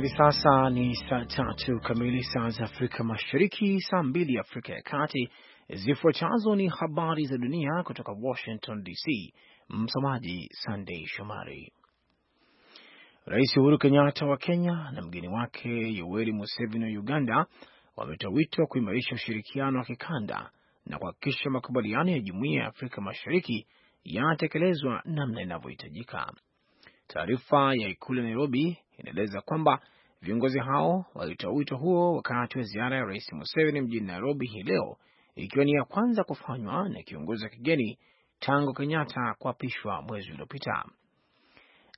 Hivi sasa ni saa tatu kamili saa za Afrika Mashariki, saa mbili Afrika ya Kati. Zifuatazo ni habari za dunia kutoka Washington DC. Msomaji Sandei Shomari. Rais Uhuru Kenyatta wa Kenya na mgeni wake Yoweri Museveni wa Uganda wametoa wito wa kuimarisha ushirikiano wa kikanda na kuhakikisha makubaliano ya Jumuiya ya Afrika Mashariki yanatekelezwa namna inavyohitajika. Taarifa ya ikulu ya Nairobi inaeleza kwamba viongozi hao walitoa wito huo wakati wa ziara ya Rais Museveni mjini Nairobi hii leo, ikiwa ni ya kwanza kufanywa na kiongozi wa kigeni tangu Kenyatta kuapishwa mwezi uliopita.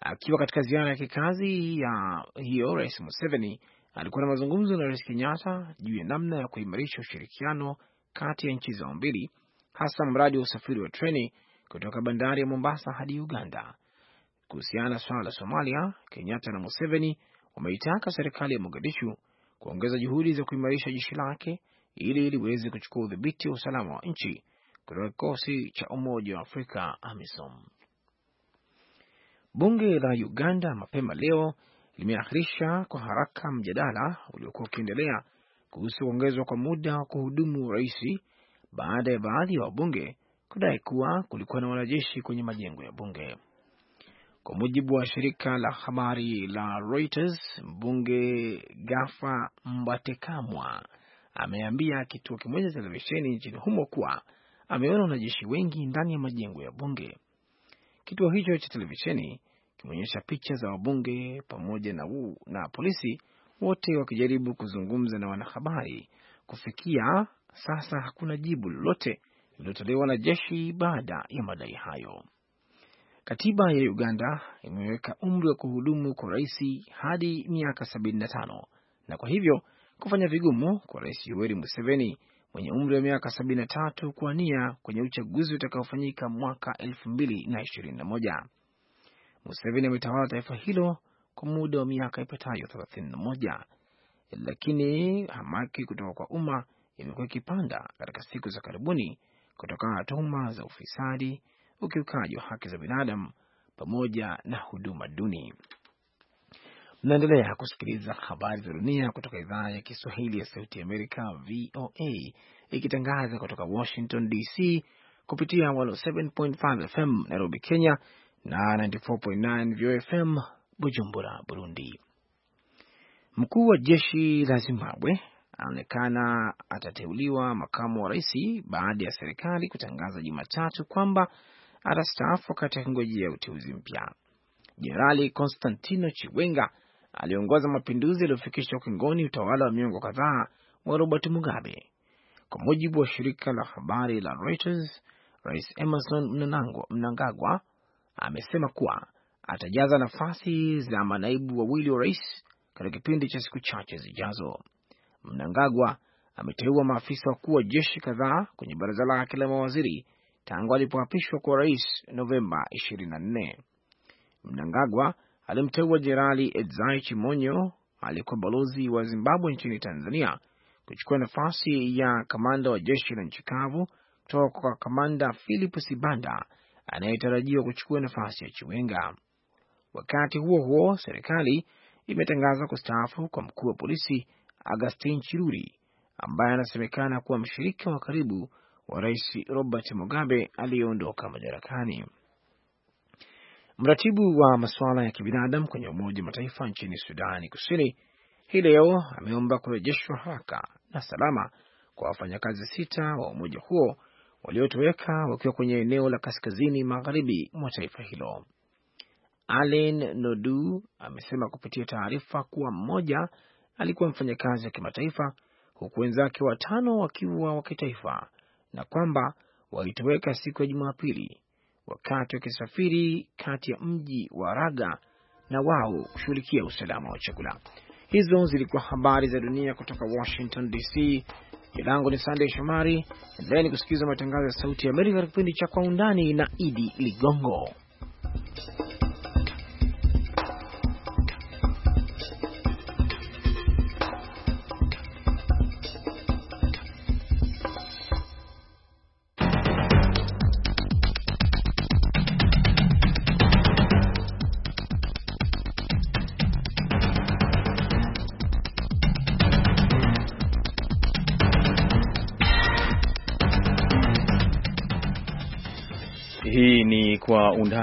Akiwa katika ziara ya kikazi ya hiyo, Rais Museveni alikuwa na mazungumzo na Rais Kenyatta juu ya namna ya kuimarisha ushirikiano kati ya nchi zao mbili, hasa mradi wa usafiri wa treni kutoka bandari ya Mombasa hadi Uganda Kuhusiana na swala la Somalia, Kenyatta na Museveni wameitaka serikali ya Mogadishu kuongeza juhudi za kuimarisha jeshi lake ili liweze kuchukua udhibiti wa usalama wa nchi kutoka kikosi cha Umoja wa Afrika, AMISOM. Bunge la Uganda mapema leo limeahirisha kwa haraka mjadala uliokuwa ukiendelea kuhusu kuongezwa kwa muda wa kuhudumu raisi baada ya baadhi ya wabunge kudai kuwa kulikuwa na wanajeshi kwenye majengo ya bunge. Kwa mujibu wa shirika la habari la Reuters, mbunge Gafa Mbatekamwa ameambia kituo kimoja cha televisheni nchini humo kuwa ameona wanajeshi wengi ndani ya majengo ya bunge. Kituo hicho cha televisheni kimeonyesha picha za wabunge pamoja na, u, na polisi wote wakijaribu kuzungumza na wanahabari. Kufikia sasa hakuna jibu lolote lililotolewa na jeshi baada ya madai hayo. Katiba ya Uganda imeweka umri wa kuhudumu kwa rais hadi miaka 75 na kwa hivyo kufanya vigumu kwa Rais Yoweri Museveni mwenye umri wa miaka 73 kuwania kwenye uchaguzi utakaofanyika mwaka 2021. Museveni ametawala taifa hilo kwa muda wa miaka ipatayo 31, lakini hamaki kutoka kwa umma imekuwa ikipanda katika siku za karibuni kutokana na tuhuma za ufisadi ukiukaji wa haki za binadamu pamoja na huduma duni. Mnaendelea kusikiliza habari za dunia kutoka idhaa ya Kiswahili ya Sauti ya Amerika, VOA, ikitangaza kutoka Washington DC kupitia 107.5 FM Nairobi, Kenya na 94.9 VOFM Bujumbura, Burundi. Mkuu wa jeshi la Zimbabwe anaonekana atateuliwa makamu wa rais baada ya serikali kutangaza Jumatatu kwamba atastaafu wakati akingojea uteuzi mpya. Jenerali Konstantino Chiwenga aliongoza mapinduzi yaliyofikisha ukingoni utawala wa miongo kadhaa wa Robert Mugabe. Kwa mujibu wa shirika la habari la Reuters, Rais Emerson Mnangagwa amesema kuwa atajaza nafasi za manaibu wawili wa rais katika kipindi cha siku chache zijazo. Mnangagwa ameteua maafisa wakuu wa jeshi kadhaa kwenye baraza lake la mawaziri tangu alipoapishwa kwa rais Novemba 24. Mnangagwa alimteua Jenerali Edzai Chimonyo aliyekuwa balozi wa Zimbabwe nchini Tanzania kuchukua nafasi ya kamanda wa jeshi la nchi kavu kutoka kwa kamanda Philip Sibanda anayetarajiwa kuchukua nafasi ya Chiwenga. Wakati huo huo, serikali imetangaza kustaafu kwa mkuu wa polisi Agustin Chiruri ambaye anasemekana kuwa mshirika wa karibu wa Rais Robert Mugabe aliyeondoka madarakani. Mratibu wa masuala ya kibinadamu kwenye Umoja wa Mataifa nchini Sudani Kusini hii leo ameomba kurejeshwa haraka na salama kwa wafanyakazi sita wa umoja huo waliotoweka wakiwa kwenye eneo la kaskazini magharibi mwa taifa hilo. Alen Nodu amesema kupitia taarifa kuwa mmoja alikuwa mfanyakazi wa kimataifa huku wenzake watano wakiwa wa kitaifa na kwamba walitoweka siku ya Jumapili wakati wakisafiri kati ya mji wa Raga na wao kushughulikia usalama wa chakula. Hizo zilikuwa habari za dunia kutoka Washington DC. Jina langu ni Sandey Shomari. Endeleni kusikiliza matangazo ya Sauti ya Amerika, kipindi cha Kwa Undani na Idi Ligongo.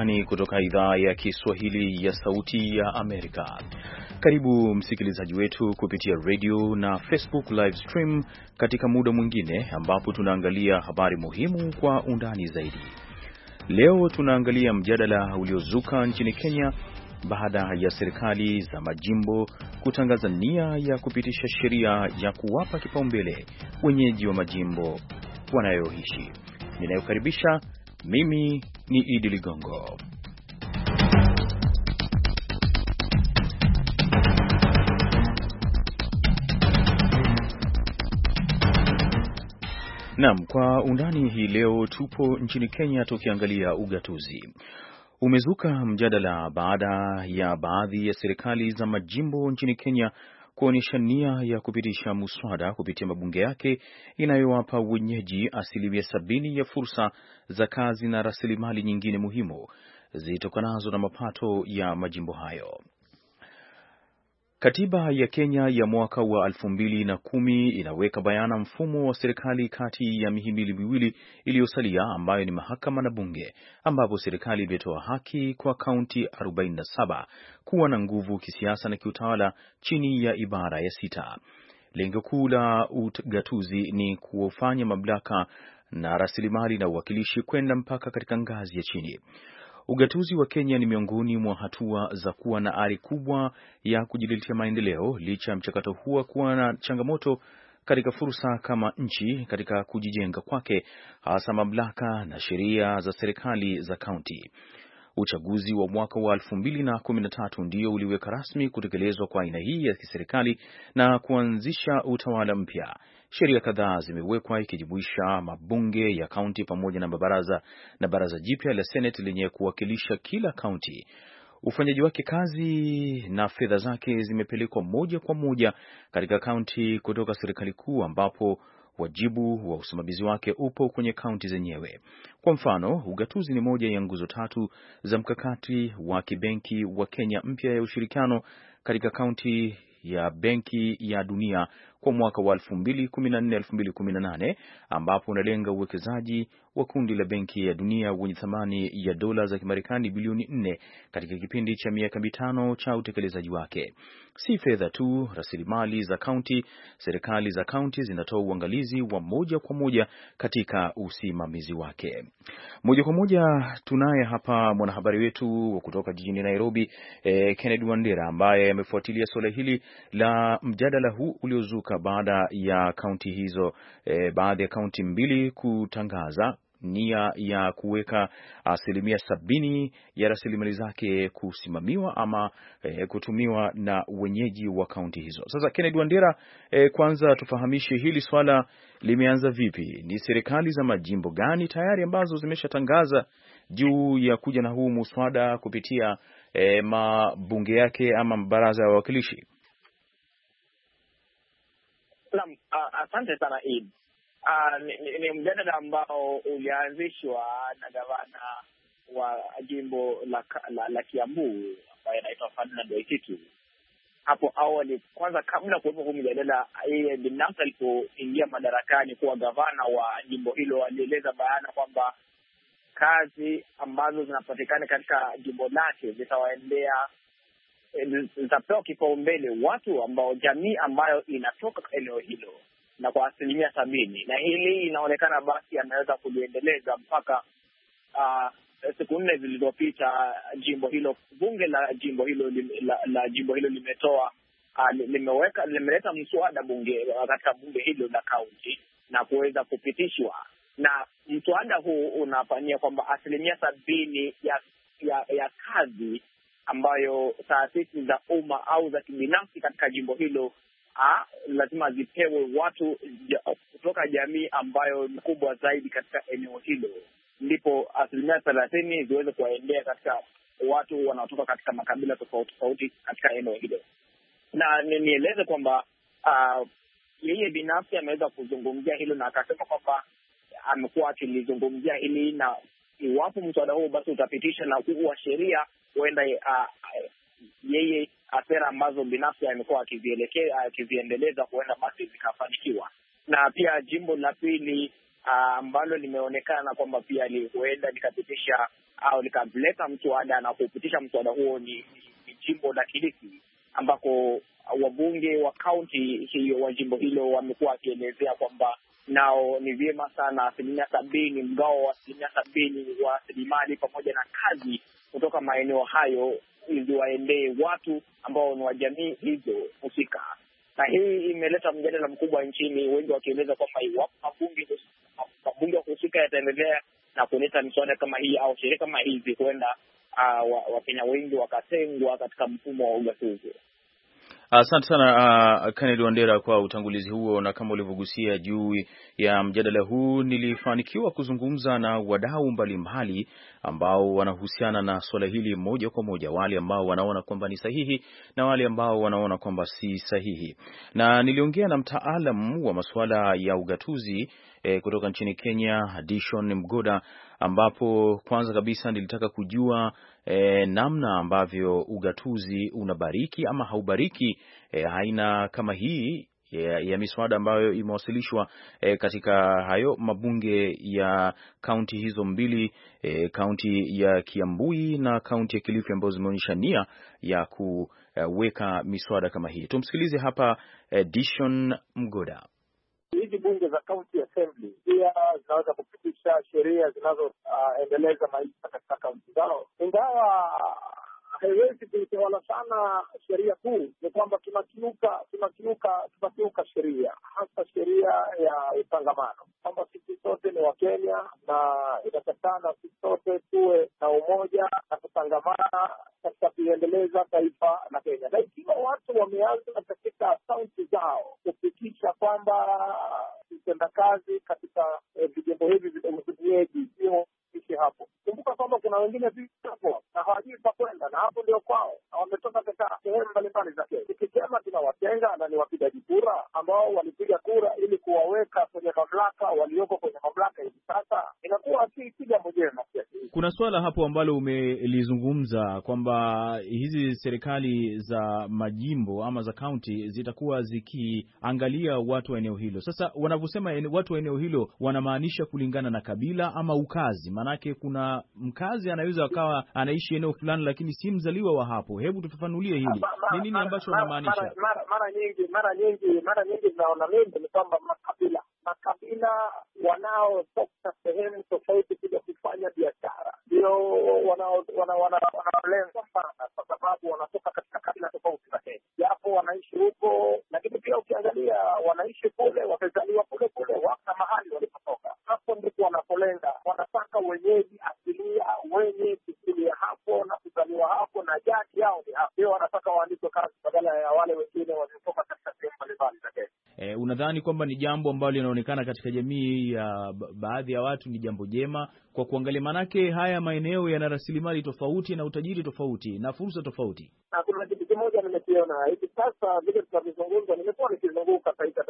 Undani kutoka idhaa ya Kiswahili ya Sauti ya Amerika. Karibu msikilizaji wetu kupitia radio na Facebook live stream katika muda mwingine ambapo tunaangalia habari muhimu kwa undani zaidi. Leo tunaangalia mjadala uliozuka nchini Kenya baada ya serikali za majimbo kutangaza nia ya kupitisha sheria ya kuwapa kipaumbele wenyeji wa majimbo wanayoishi. Ninayokaribisha mimi ni Idi Ligongo. Naam, kwa undani hii leo tupo nchini Kenya tukiangalia ugatuzi. Umezuka mjadala baada ya baadhi ya serikali za majimbo nchini Kenya kuonyesha nia ya kupitisha muswada kupitia mabunge yake inayowapa wenyeji asilimia sabini ya fursa za kazi na rasilimali nyingine muhimu zitokanazo na mapato ya majimbo hayo. Katiba ya Kenya ya mwaka wa elfu mbili na kumi inaweka bayana mfumo wa serikali kati ya mihimili miwili iliyosalia ambayo ni mahakama na bunge, ambapo serikali imetoa haki kwa kaunti 47 kuwa na nguvu kisiasa na kiutawala chini ya ibara ya sita. Lengo kuu la ugatuzi ni kuofanya mamlaka na rasilimali na uwakilishi kwenda mpaka katika ngazi ya chini. Ugatuzi wa Kenya ni miongoni mwa hatua za kuwa na ari kubwa ya kujiletea maendeleo, licha ya mchakato huo kuwa na changamoto katika fursa kama nchi katika kujijenga kwake, hasa mamlaka na sheria za serikali za kaunti. Uchaguzi wa mwaka wa 2013 ndio uliweka rasmi kutekelezwa kwa aina hii ya kiserikali na kuanzisha utawala mpya. Sheria kadhaa zimewekwa ikijumuisha mabunge ya kaunti pamoja na mabaraza na baraza jipya la Senate lenye kuwakilisha kila kaunti. Ufanyaji wake kazi na fedha zake zimepelekwa moja kwa moja katika kaunti kutoka serikali kuu ambapo Wajibu wa usimamizi wake upo kwenye kaunti zenyewe. Kwa mfano, ugatuzi ni moja ya nguzo tatu za mkakati wa kibenki wa Kenya mpya ya ushirikiano katika kaunti ya Benki ya Dunia kwa mwaka wa 2014-2018 ambapo unalenga uwekezaji wa kundi la Benki ya Dunia wenye thamani ya dola za Kimarekani bilioni nne katika kipindi cha miaka mitano cha utekelezaji wake. Si fedha tu, rasilimali za kaunti. Serikali za kaunti zinatoa uangalizi wa moja kwa moja katika usimamizi wake. Moja kwa moja tunaye hapa mwanahabari wetu wa kutoka jijini Nairobi, eh, Kennedy Wandera ambaye amefuatilia suala hili la mjadala huu uliozuka baada ya kaunti hizo, eh, baadhi ya kaunti mbili kutangaza nia ya kuweka ah, asilimia sabini ya rasilimali zake kusimamiwa ama e, kutumiwa na wenyeji wa kaunti hizo. Sasa Kennedy Wandera, e, kwanza tufahamishe hili swala limeanza vipi? Ni serikali za majimbo gani tayari ambazo zimeshatangaza juu ya kuja na huu muswada kupitia e, mabunge yake ama baraza ya wawakilishi? Naam, ah, asante sana Eid. Uh, ni, ni mjadala ambao ulianzishwa na gavana wa jimbo la, la, la Kiambu ambaye anaitwa Ferdinand Waititu hapo awali. Kwanza kabla kuwepo huu mjadala, yeye binafsi alipoingia madarakani kuwa gavana wa jimbo hilo alieleza bayana kwamba kazi ambazo zinapatikana katika jimbo lake zitawaendea eh, zitapewa kipaumbele watu ambao jamii ambayo inatoka eneo hilo na kwa asilimia sabini, na hili inaonekana basi ameweza kuliendeleza mpaka uh, siku nne zilizopita jimbo hilo bunge la jimbo hilo la, la jimbo hilo limetoa uh, limeweka limeleta mswada bunge katika bunge hilo la kaunti na kuweza kupitishwa, na mswada huu unafanyia kwamba asilimia sabini ya, ya, ya kazi ambayo taasisi za umma au za kibinafsi katika jimbo hilo a, ah, lazima zipewe watu ja, kutoka jamii ambayo ni kubwa zaidi katika eneo hilo, ndipo asilimia thelathini ziweze kuwaendea katika watu wanaotoka katika makabila tofauti tofauti katika eneo hilo. Na nieleze kwamba ah, yeye binafsi ameweza kuzungumzia hilo na akasema kwamba amekuwa akilizungumzia hili, na iwapo mswada huo basi utapitisha na kuwa sheria, huenda ah, yeye sera ambazo binafsi amekuwa akiziendeleza kuenda basi zikafanikiwa. Na pia jimbo la pili ah, ambalo uh, limeonekana kwamba pia huenda likapitisha au likaleta mswada na kupitisha mswada huo ni, ni jimbo la Kilifi ambako wabunge wa kaunti hiyo wa jimbo hilo wamekuwa wakielezea kwamba nao ni vyema sana asilimia sabini mgao wa asilimia sabini wa rasilimali pamoja na kazi kutoka maeneo hayo iliwaendee watu ambao ni wa jamii hizo husika, na hii imeleta mjadala mkubwa nchini, wengi wakieleza kwamba iwapo mabunge husika yataendelea na kuleta miswada kama hii au sheria kama hizi, huenda uh, Wakenya wengi wakatengwa katika mfumo wa ugatuzi. Asante sana uh, Kennedy Wandera kwa utangulizi huo, na kama ulivyogusia juu ya mjadala huu, nilifanikiwa kuzungumza na wadau mbalimbali ambao wanahusiana na suala hili moja kwa moja, wale ambao wanaona kwamba ni sahihi na wale ambao wanaona kwamba si sahihi, na niliongea na mtaalam wa masuala ya ugatuzi e, kutoka nchini Kenya Dishon Mgoda, ambapo kwanza kabisa nilitaka kujua e, namna ambavyo ugatuzi unabariki ama haubariki e, aina kama hii ya, ya miswada ambayo imewasilishwa e, katika hayo mabunge ya kaunti hizo mbili kaunti ya Kiambui na kaunti ya Kilifi ambazo zimeonyesha nia ya kuweka miswada kama hii. Tumsikilize hapa e, Dishon Mgoda hizi bunge za county assembly pia zinaweza kupitisha sheria zinazoendeleza uh, maisha katika kaunti zao, ingawa haiwezi kuitawala sana sheria kuu. Ni kwamba tunakiuka tunakiuka tunakiuka sheria, hasa sheria ya utangamano, kwamba sisi sote ni Wakenya na inatakana sisi sote tuwe na umoja na kutangamana katika kuiendeleza taifa la Kenya, na ikiwa watu wameanza katika kaunti zao kufikisha kwamba utendakazi katika eh, vijimbo hivi vidogo vinyeji, sio ishi hapo. Kumbuka kwamba kuna wengine vipo na hawajui pa kwenda, na hapo ndio kwao, na wametoka katika sehemu mbalimbali za Kenya. Tukisema tunawatenga na ni wapigaji kura ambao walipiga kura ili kuwaweka kwenye mamlaka walioko kwenye kuna swala hapo ambalo umelizungumza kwamba hizi serikali za majimbo ama za kaunti zitakuwa zikiangalia watu wa eneo hilo. Sasa wanavyosema watu wa eneo hilo wanamaanisha kulingana na kabila ama ukazi, maanake kuna mkazi anaweza akawa anaishi eneo fulani, lakini si mzaliwa wa hapo. Hebu tufafanulie hili, ni nini ambacho wanamaanisha? Mara, mara, mara nyingi mara nyingi mara nyingi naona mimi ni kwamba makabila makabila wanaotoka sehemu tofauti kuja kufanya biashara ndio wanalengwa sana, kwa sababu wanatoka katika kabila tofauti na Kenya, japo wanaishi huko, lakini pia ukiangalia wanaishi kule, wamezaliwa kule kule, wana mahali walipotoka. Hapo ndipo wanapolenga, wanataka wenyeji asilia wenye kusilia hapo na kuzaliwa hapo na jadi yao ni hapo, ndio wanataka waandikwe kazi badala ya wale wengine waliotoka katika sehemu mbalimbali za Kenya. Eh, unadhani kwamba ni jambo ambalo linaonekana katika jamii ya baadhi ya watu ni jambo jema kwa kuangalia, maanake haya maeneo yana rasilimali tofauti na utajiri tofauti na fursa tofauti. Kuna kitu kimoja nimekiona hivi sasa, vile tunavyozungumza, nimekuwa nikizunguka Taita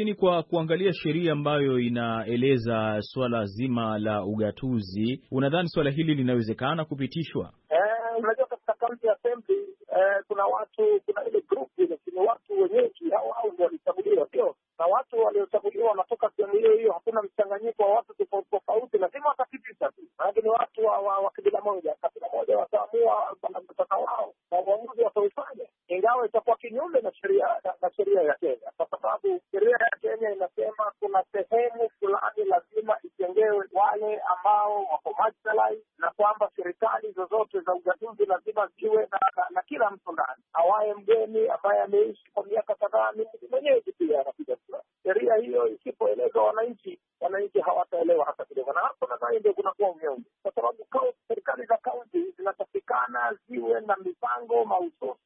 Lakini kwa kuangalia sheria ambayo inaeleza swala zima la ugatuzi, unadhani swala hili linawezekana kupitishwa? Eh, unajua, katika kaunti ya assembly eh, kuna watu, kuna ile group ni watu wenyeji, hao hao ndio walichaguliwa, sio na watu waliochaguliwa wanatoka sehemu hiyo hiyo. Hakuna mchanganyiko wa watu tofauti tofauti, lazima watapitisha tu, maanake ni watu wa kabila moja, kabila moja wataamua wataka wao na uamuzi wataufanya ingawa itakuwa kinyume na sheria na sheria ya Kenya, kwa sababu sheria ya Kenya inasema kuna sehemu fulani lazima itengewe wale ambao wako marginalized, na kwamba serikali zozote za ugatuzi lazima ziwe na, na, na kila mtu ndani, awaye mgeni, ambaye ameishi kwa miaka kadhaa, ni mwenyeji pia anapiga kura. Sheria hiyo isipoelezwa wananchi, wananchi hawataelewa hata kidogo, na hapo nadhani ndio kunakuwa unyonge, kwa sababu serikali za kaunti zinatakikana ziwe na mipango mahususi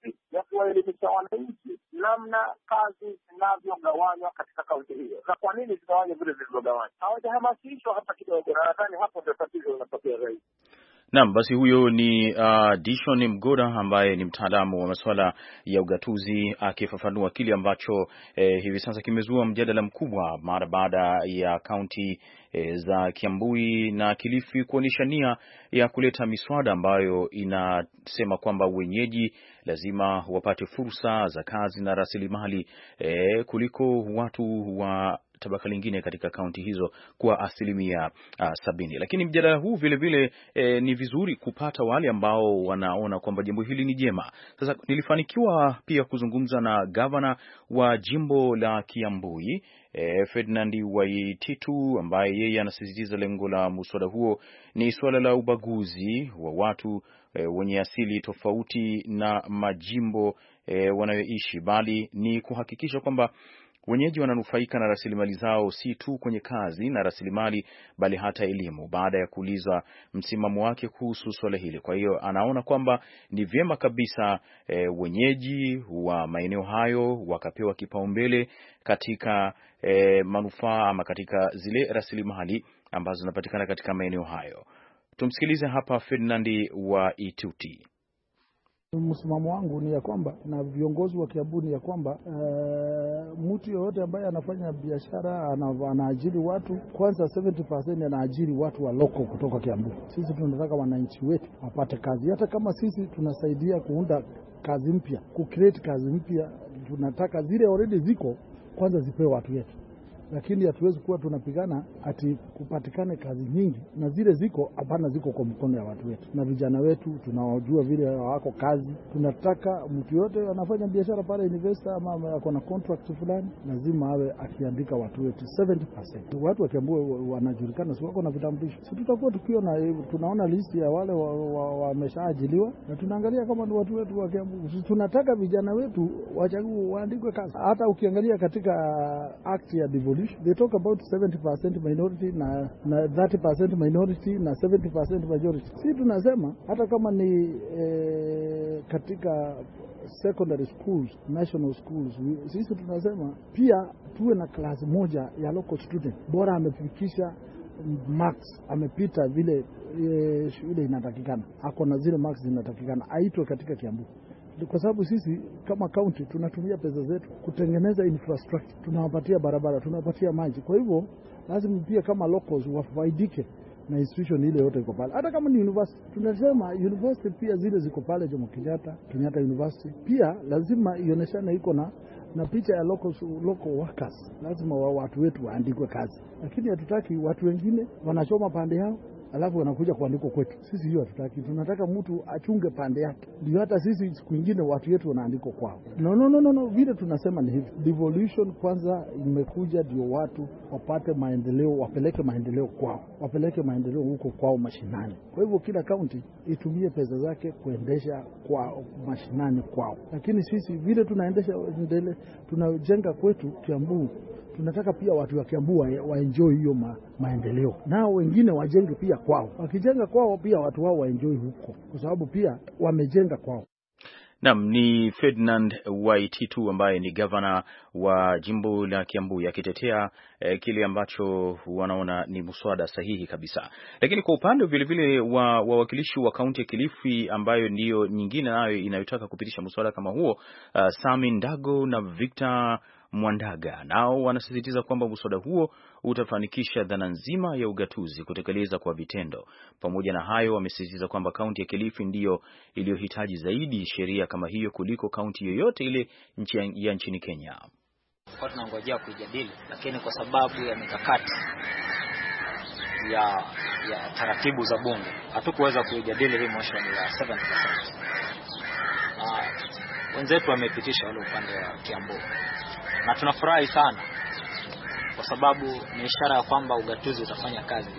kazi zinavyogawanywa katika kaunti hiyo, na kwa nini zigawanywa vile zilivyogawanywa? Hawajahamasishwa hata kidogo na Naam, basi huyo ni uh, Dishon Mgoda ambaye ni mtaalamu wa masuala ya ugatuzi akifafanua kile ambacho eh, hivi sasa kimezua mjadala mkubwa mara baada ya kaunti eh, za Kiambui na Kilifi kuonyesha nia ya kuleta miswada ambayo inasema kwamba wenyeji lazima wapate fursa za kazi na rasilimali eh, kuliko watu wa tabaka lingine katika kaunti hizo kwa asilimia uh, sabini. Lakini mjadala huu vilevile vile, eh, ni vizuri kupata wale ambao wanaona kwamba jambo hili ni jema. Sasa nilifanikiwa pia kuzungumza na gavana wa jimbo la Kiambui eh, Ferdinand Waititu ambaye yeye anasisitiza lengo la muswada huo ni suala la ubaguzi wa watu eh, wenye asili tofauti na majimbo eh, wanayoishi bali ni kuhakikisha kwamba Wenyeji wananufaika na rasilimali zao si tu kwenye kazi na rasilimali, bali hata elimu, baada ya kuuliza msimamo wake kuhusu suala hili. Kwa hiyo anaona kwamba ni vyema kabisa e, wenyeji wa maeneo hayo wakapewa kipaumbele katika e, manufaa ama katika zile rasilimali ambazo zinapatikana katika maeneo hayo. Tumsikilize hapa Ferdinandi wa Ituti. Msimamo wangu ni ya kwamba na viongozi wa Kiambu ni ya kwamba uh, mtu yoyote ambaye anafanya biashara anaajiri watu kwanza, 70% anaajiri watu wa loko kutoka Kiambu. Sisi tunataka wananchi wetu wapate kazi, hata kama sisi tunasaidia kuunda kazi mpya, kucreate kazi mpya. Tunataka zile already ziko kwanza zipewe watu wetu lakini hatuwezi kuwa tunapigana ati kupatikane kazi nyingi, na zile ziko hapana, ziko kwa mkono ya watu wetu na vijana wetu, tunawajua vile wako kazi. Tunataka mtu yote anafanya biashara pale investor ama ako na contract fulani, lazima awe akiandika watu wetu 70%. Watu wakiambua wanajulikana, si wako na vitambulisho, si tutakuwa tukiona, eh, tunaona listi ya wale wameshaajiliwa wa, wa, na tunaangalia kama ni watu wetu wakiambua. Tunataka vijana wetu wachague waandikwe kazi. Hata ukiangalia katika act ya devolution they talk about 70% minority na, na 30% minority na 70% majority. Si tunasema hata kama ni eh, katika secondary schools, national schools, sisi tunasema pia tuwe na klasi moja ya local student, bora amefikisha marks amepita vile eh, shule inatakikana, ako na zile marks zinatakikana, aitwe katika Kiambu kwa sababu sisi kama kaunti tunatumia pesa zetu kutengeneza infrastructure, tunawapatia barabara, tunawapatia maji. Kwa hivyo lazima pia kama locals wafaidike na institution ile yote iko pale, hata kama ni university. Tunasema university pia zile ziko pale Jomo Kenyatta, Kenyatta University pia lazima ioneshane iko na na picha ya locals, local workers. Lazima wa watu wetu waandikwe kazi, lakini hatutaki watu wengine wanachoma pande yao alafu wanakuja kuandikwa kwetu. Sisi hiyo hatutaki, tunataka mtu achunge pande yake, ndio hata sisi siku ingine watu wetu wanaandikwa kwao. No, no, no, no, no. Vile tunasema ni hivi, devolution kwanza imekuja ndio watu wapate maendeleo, wapeleke maendeleo kwao, wapeleke maendeleo huko kwao mashinani. Kwa hivyo kila kaunti itumie pesa zake kuendesha kwa mashinani kwao, lakini sisi vile tunaendesha ndele, tunajenga kwetu Kiambu tunataka pia watu wa Kiambu waenjoi hiyo ma, maendeleo, nao wengine wajenge pia kwao. Wakijenga kwao pia watu wao waenjoy huko, kwa sababu pia wamejenga kwao. Nam ni Ferdinand Waititu ambaye ni gavana wa jimbo la Kiambu akitetea eh, kile ambacho wanaona ni mswada sahihi kabisa. Lakini kwa upande vilevile wa wawakilishi wa kaunti ya Kilifi ambayo ndiyo nyingine nayo inayotaka kupitisha mswada kama huo, uh, Sami Ndago na Victor Mwandaga nao wanasisitiza kwamba mswada huo utafanikisha dhana nzima ya ugatuzi kutekeleza kwa vitendo. Pamoja na hayo, wamesisitiza kwamba kaunti ya Kilifi ndiyo iliyohitaji zaidi sheria kama hiyo kuliko kaunti yoyote ile ya nchini Kenya. Kwa tunangojea kuijadili, lakini kwa sababu ya mikakati ya, ya taratibu za bunge hatukuweza kuijadili hii motion ya 7%. Uh, ah, wenzetu wamepitisha wale upande wa Kiambu na tunafurahi sana kwa sababu ni ishara ya kwamba ugatuzi utafanya kazi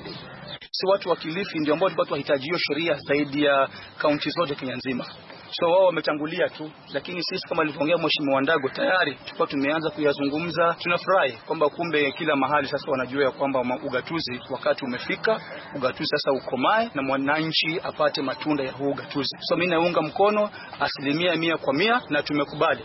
Si watu wa Kilifi ndio ambao watu wahitaji hiyo sheria zaidi ya kaunti zote Kenya nzima, so wao wametangulia tu, lakini sisi kama alivyoongea Mheshimiwa Ndago tayari tulikuwa tumeanza kuyazungumza. Tunafurahi kwamba kumbe kila mahali sasa wanajua ya kwamba ugatuzi wakati umefika, ugatuzi sasa ukomae na mwananchi apate matunda ya huu ugatuzi. So mimi naunga mkono asilimia mia kwa mia na tumekubali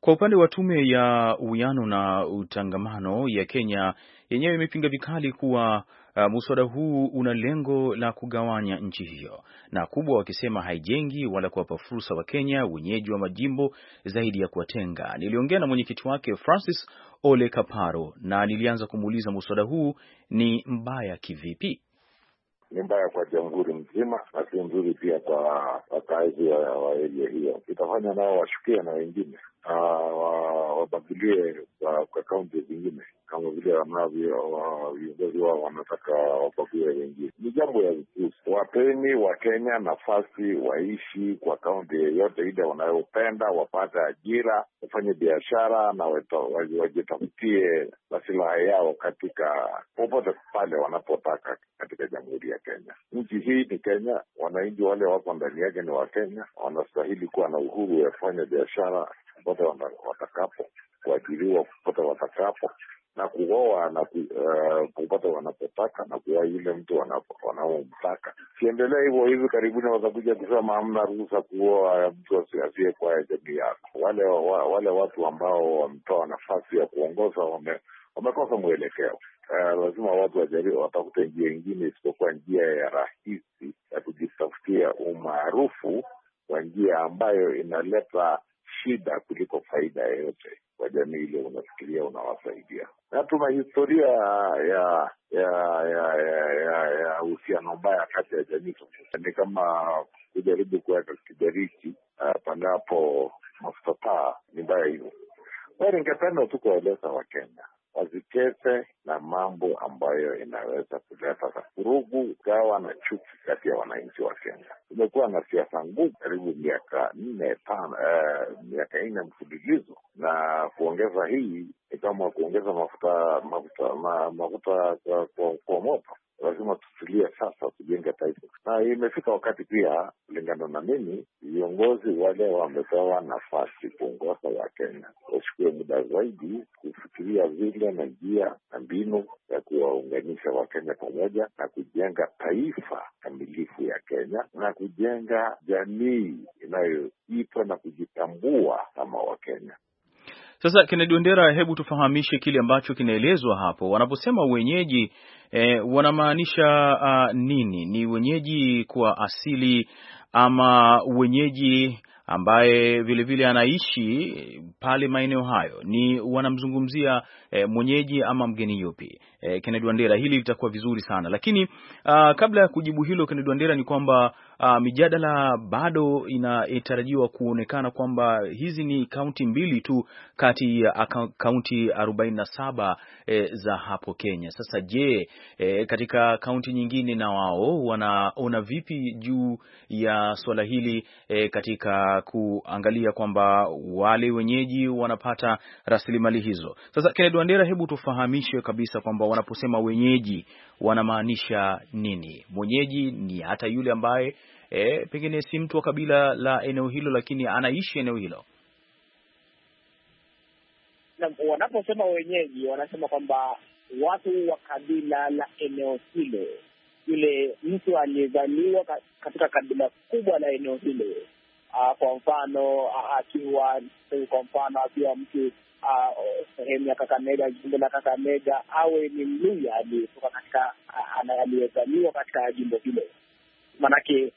kwa upande wa tume ya uwiano na utangamano ya Kenya, yenyewe imepinga vikali kuwa uh, muswada huu una lengo la kugawanya nchi hiyo, na kubwa wakisema haijengi wala kuwapa fursa wa kenya wenyeji wa majimbo zaidi ya kuwatenga. Niliongea na mwenyekiti wake Francis Ole Kaparo na nilianza kumuuliza muswada huu ni mbaya kivipi? ni mbaya kwa jamhuri mzima na si nzuri pia kwa wakazi wa eria hiyo, itafanya nao washukia na wengine Ah, wa ah, kwa kaunti zingine kama vile wanavyo viongozi wao wanataka wabague wengine. Ni jambo ya upuzi. Wapeni Wakenya nafasi waishi kwa kaunti yeyote ile wanayopenda, wapate ajira, wafanye biashara na wajitafutie masilaha yao katika popote pale wanapotaka katika jamhuri ya Kenya. Nchi hii ni Kenya, wananchi wale wako ndani yake ni Wakenya, wanastahili kuwa na uhuru wa kufanya biashara popote watakapo, kuajiriwa popote watakapo na kuoa na kupata uh, eh, wanapotaka na kuoa yule mtu wanaomtaka. kiendelea hivyo, hivi karibuni watakuja kusema hamna ruhusa kuoa mtu asiyekuwa kwa jamii yako. Wale wa, wale watu ambao wametoa nafasi ya kuongoza wame, wamekosa mwelekeo. Uh, lazima watu wajaribu, watafute njia ingine isipokuwa njia ya rahisi ya kujitafutia umaarufu kwa njia ambayo inaleta shida kuliko faida yoyote kwa jamii ile unafikiria unawasaidia. Na tuna historia ya ya ya uhusiano mbaya kati ya jamii. Ni kama kujaribu kuweka kiberiti uh, ah, pangapo mafuta ni mbaya hivyo. Kwayo ningependa tu kuwaeleza Wakenya wazichese na mambo ambayo inaweza kuleta vurugu, gawa na chuki kati ya wananchi wa Kenya. tumekuwa na siasa ngumu karibu miaka nne tano, eh, ya aina mfululizo, na kuongeza hii ni kama kuongeza mafuta mafuta mafuta kwa moto lazima tutulie sasa, kujenga taifa. Na imefika wakati pia, kulingana na mimi, viongozi wale wamepewa nafasi kuongoza Wakenya wachukue muda zaidi kufikiria vile na njia na mbinu ya kuwaunganisha Wakenya pamoja na kujenga taifa kamilifu ya Kenya na kujenga jamii inayoitwa na kujitambua kama Wakenya. Sasa Kennedy Wandera, hebu tufahamishe kile ambacho kinaelezwa hapo. Wanaposema wenyeji e, wanamaanisha uh, nini? Ni wenyeji kwa asili ama wenyeji ambaye vilevile vile anaishi pale maeneo hayo? Ni wanamzungumzia e, mwenyeji ama mgeni yupi? eh, Kennedy Wandera, hili litakuwa vizuri sana lakini, uh, kabla ya kujibu hilo Kennedy Wandera, ni kwamba uh, mijadala bado inatarajiwa kuonekana kwamba hizi ni kaunti mbili tu kati ya uh, kaunti 47 eh, za hapo Kenya. Sasa je, eh, katika kaunti nyingine na wao wanaona vipi juu ya swala hili eh, katika kuangalia kwamba wale wenyeji wanapata rasilimali hizo? Sasa Kennedy Wandera, hebu tufahamishe kabisa kwamba wanaposema wenyeji wanamaanisha nini? Mwenyeji ni hata yule ambaye e, pengine si mtu wa kabila la eneo hilo, lakini anaishi eneo hilo. wanaposema wenyeji, wanasema kwamba watu wa kabila la eneo hilo, yule mtu aliyezaliwa katika kabila kubwa la eneo hilo. Ah, kwa mfano ah, akiwa kwa mfano akiwa mtu sehemu ya Kakamega, jimbo la Kakamega, awe ni Mluya aliyetoka katika aliyezaliwa katika jimbo hilo. Maanake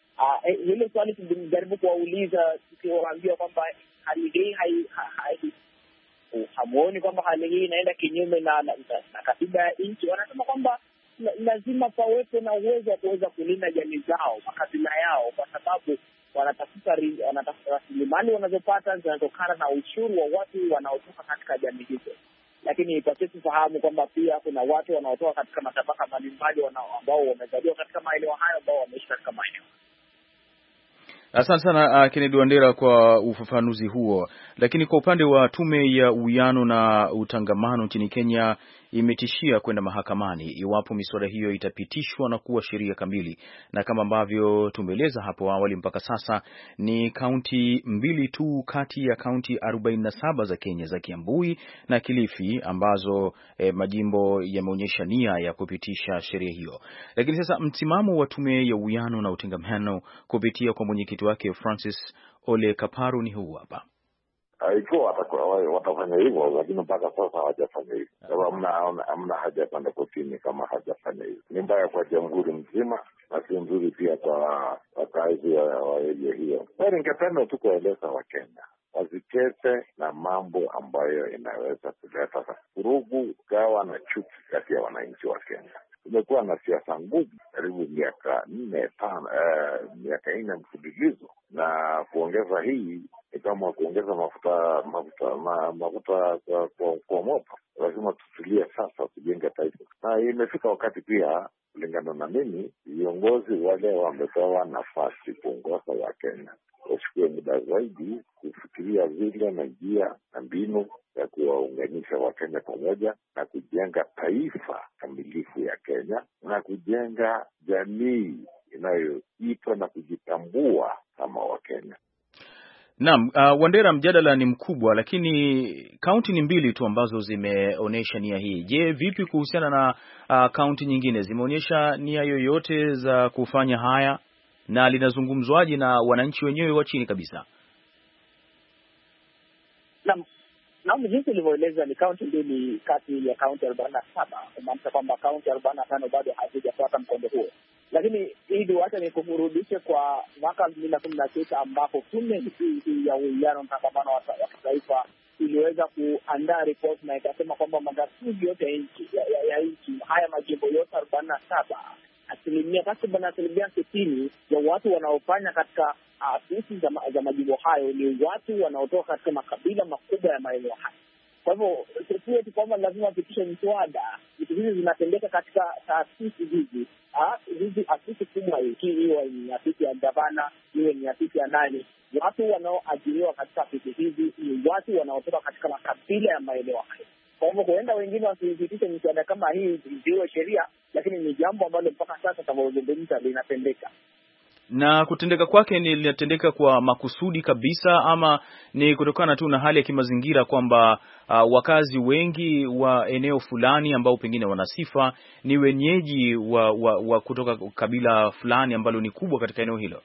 eh, hilo swali tulijaribu kuwauliza, tukiwaambia kwamba hali hii hamuoni kwamba hali hii inaenda kinyume na katiba ya nchi, wanasema kwamba lazima pawepo na uwezo wa kuweza kulinda jamii zao, makabila yao, kwa sababu wanatafuta rasilimali wanazopata zinatokana na ushuru wa watu wanaotoka katika jamii hizo, lakini pasipofahamu kwamba pia kuna watu wanaotoka katika matabaka mbalimbali ambao wamezaliwa katika maeneo hayo ambao wameishi katika maeneo Asante sana uh, Kennedy Wandera kwa ufafanuzi huo. Lakini kwa upande wa tume ya uwiano na utangamano nchini Kenya imetishia kwenda mahakamani iwapo miswada hiyo itapitishwa na kuwa sheria kamili. Na kama ambavyo tumeeleza hapo awali, mpaka sasa ni kaunti mbili tu kati ya kaunti 47 za Kenya za Kiambui na Kilifi ambazo e, majimbo yameonyesha nia ya kupitisha sheria hiyo. Lakini sasa msimamo wa tume ya uwiano na utengamano kupitia kwa mwenyekiti wake Francis Ole Kaparu ni huu hapa. Ah, ikiwa watafanya hivyo, lakini mpaka sasa hawajafanya hivyo. Ah. Sababu amna haja ya kwenda kotini kama hajafanya hivyo. Ni mbaya kwa jamhuri mzima na si nzuri pia kwa wakazi wa eria hiyo. Sa ningependa tu kuwaeleza Wakenya wasicheze na mambo ambayo inaweza kuleta vurugu, gawa na chuki kati ya wananchi wa Kenya. Kumekuwa na siasa ngumu karibu miaka nne tano, uh, miaka nne mfululizo, na kuongeza hii ni kama kuongeza mafuta mafuta ma, mafuta kwa, kwa, kwa moto. Lazima tutulie sasa, tujenge taifa, na imefika wakati pia kulingana na mimi, viongozi wale wamepewa nafasi kuongoza Wakenya wachukue muda zaidi kufikia vilevile na njia na mbinu ya kuwaunganisha Wakenya pamoja na kujenga taifa kamilifu ya Kenya na kujenga jamii inayoitwa na kujitambua kama Wakenya. Naam, uh, Wandera, mjadala ni mkubwa, lakini kaunti ni mbili tu ambazo zimeonyesha nia hii. Je, vipi kuhusiana na uh, kaunti nyingine, zimeonyesha nia yoyote za kufanya haya na linazungumzwaje na wananchi wenyewe wa chini kabisa? Naam, naona jinsi ilivyoeleza ni kaunti mbili kati ya kaunti arobaini na saba kumaanisha kwamba kaunti arobaini na tano bado hazijapata mkondo huo. Lakini hili wacha ni kwa mwaka elfu mbili na kumi na sita ambapo tume hii ya uwiano mtangamano wa kitaifa iliweza kuandaa ripoti na ikasema kwamba magatuzi yote ya nchi haya majimbo yote arobaini na saba asilimia takriban asilimia sitini ya watu wanaofanya katika afisi ah, za, za majimbo hayo ni watu wanaotoka katika makabila makubwa ya maeneo hayo. Kwa hivyo sisi tu kwamba lazima wapitishe mswada. Vitu hivi vinatendeka katika taasisi hizi ah, hizi, afisi kubwa hiki, iwe ni afisi ya gavana, iwe ni afisi ya nani. Watu wanaoajiriwa katika afisi hizi ni watu wanaotoka katika makabila ya maeneo hayo. Kwa hivyo huenda wengine wasiipitishe miswada kama hii iwe sheria, lakini ni jambo ambalo mpaka sasa tunavyozungumza linatendeka na kutendeka kwake ni linatendeka kwa makusudi kabisa, ama ni kutokana tu na hali ya kimazingira kwamba uh, wakazi wengi wa eneo fulani ambao pengine wana sifa ni wenyeji wa, wa, wa kutoka kabila fulani ambalo ni kubwa katika eneo hilo.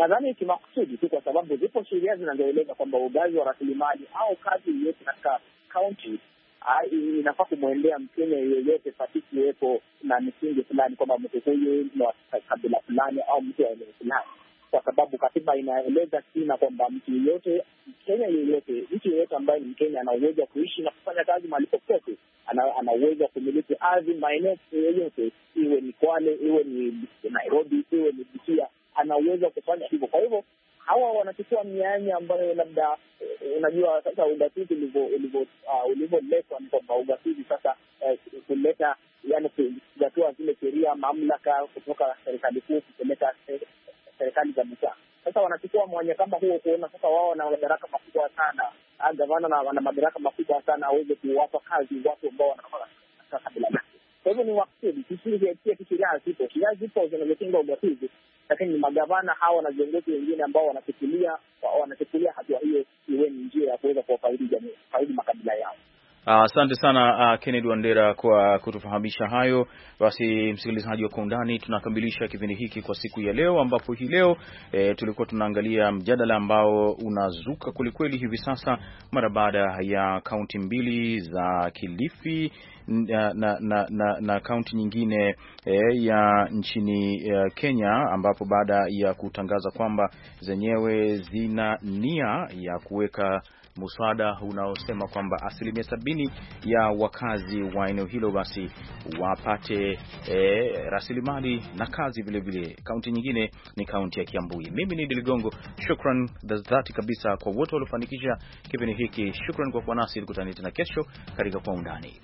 Nadhani kimakusudi tu, kwa sababu zipo sheria zinazoeleza kwamba ugavi wa rasilimali au kazi yoyote katika kaunti ah, inafaa kumwendea Mkenya yeyote patiki iwepo na misingi fulani, kwamba mtu huyu ni wa kabila fulani au mtu wa eneo fulani, kwa sababu katiba inaeleza kina kwamba mtu yeyote, Mkenya yeyote, mtu yeyote ambaye ni Mkenya ana uwezo wa kuishi na kufanya kazi mahali popote, ana uwezo wa kumiliki ardhi maeneo yoyote, iwe ni Kwale, iwe ni Nairobi, iwe ni Busia ana uwezo wa kufanya hivyo. Kwa hivyo hawa wanachukua mianya ambayo labda, eh, unajua sasa ugatuzi ah, ulivyoletwa ni kwamba ugatuzi sasa eh, kuleta, yani kugatua zile sheria, mamlaka kutoka serikali kuu kupeleka eh, serikali za mitaa. Sasa wanachukua mwanya kama huo kuona sasa wao wana madaraka makubwa sana, ah, gavana wana madaraka makubwa sana, aweze kuwapa kazi watu ambao wanaa kabila lake. Kwa hivyo ni waksudi pia tu zipo, silaha zipo zinazopinga ugatuzi, lakini magavana hawa na viongozi wengine ambao wanachukulia hatua hiyo iwe ni njia ya kuweza kuwafaidi jamii, faidi makabila. Ah, asante uh, sana uh, Kennedy Wandera kwa kutufahamisha hayo. Basi msikilizaji wa kwa undani, tunakamilisha kipindi hiki kwa siku ya leo, ambapo hii leo e, tulikuwa tunaangalia mjadala ambao unazuka kwelikweli hivi sasa mara baada ya kaunti mbili za Kilifi na, ah, na, na, na, na kaunti nyingine e, ya nchini e, Kenya ambapo baada ya kutangaza kwamba zenyewe zina nia ya kuweka muswada unaosema kwamba asilimia sabini ya wakazi wa eneo hilo basi wapate e, rasilimali na kazi vilevile. Kaunti nyingine ni kaunti ya kiambui Mimi ni Diligongo, shukran za dhati kabisa kwa wote waliofanikisha kipindi hiki. Shukran kwa kuwa nasi, tukutane tena kesho katika kwa undani.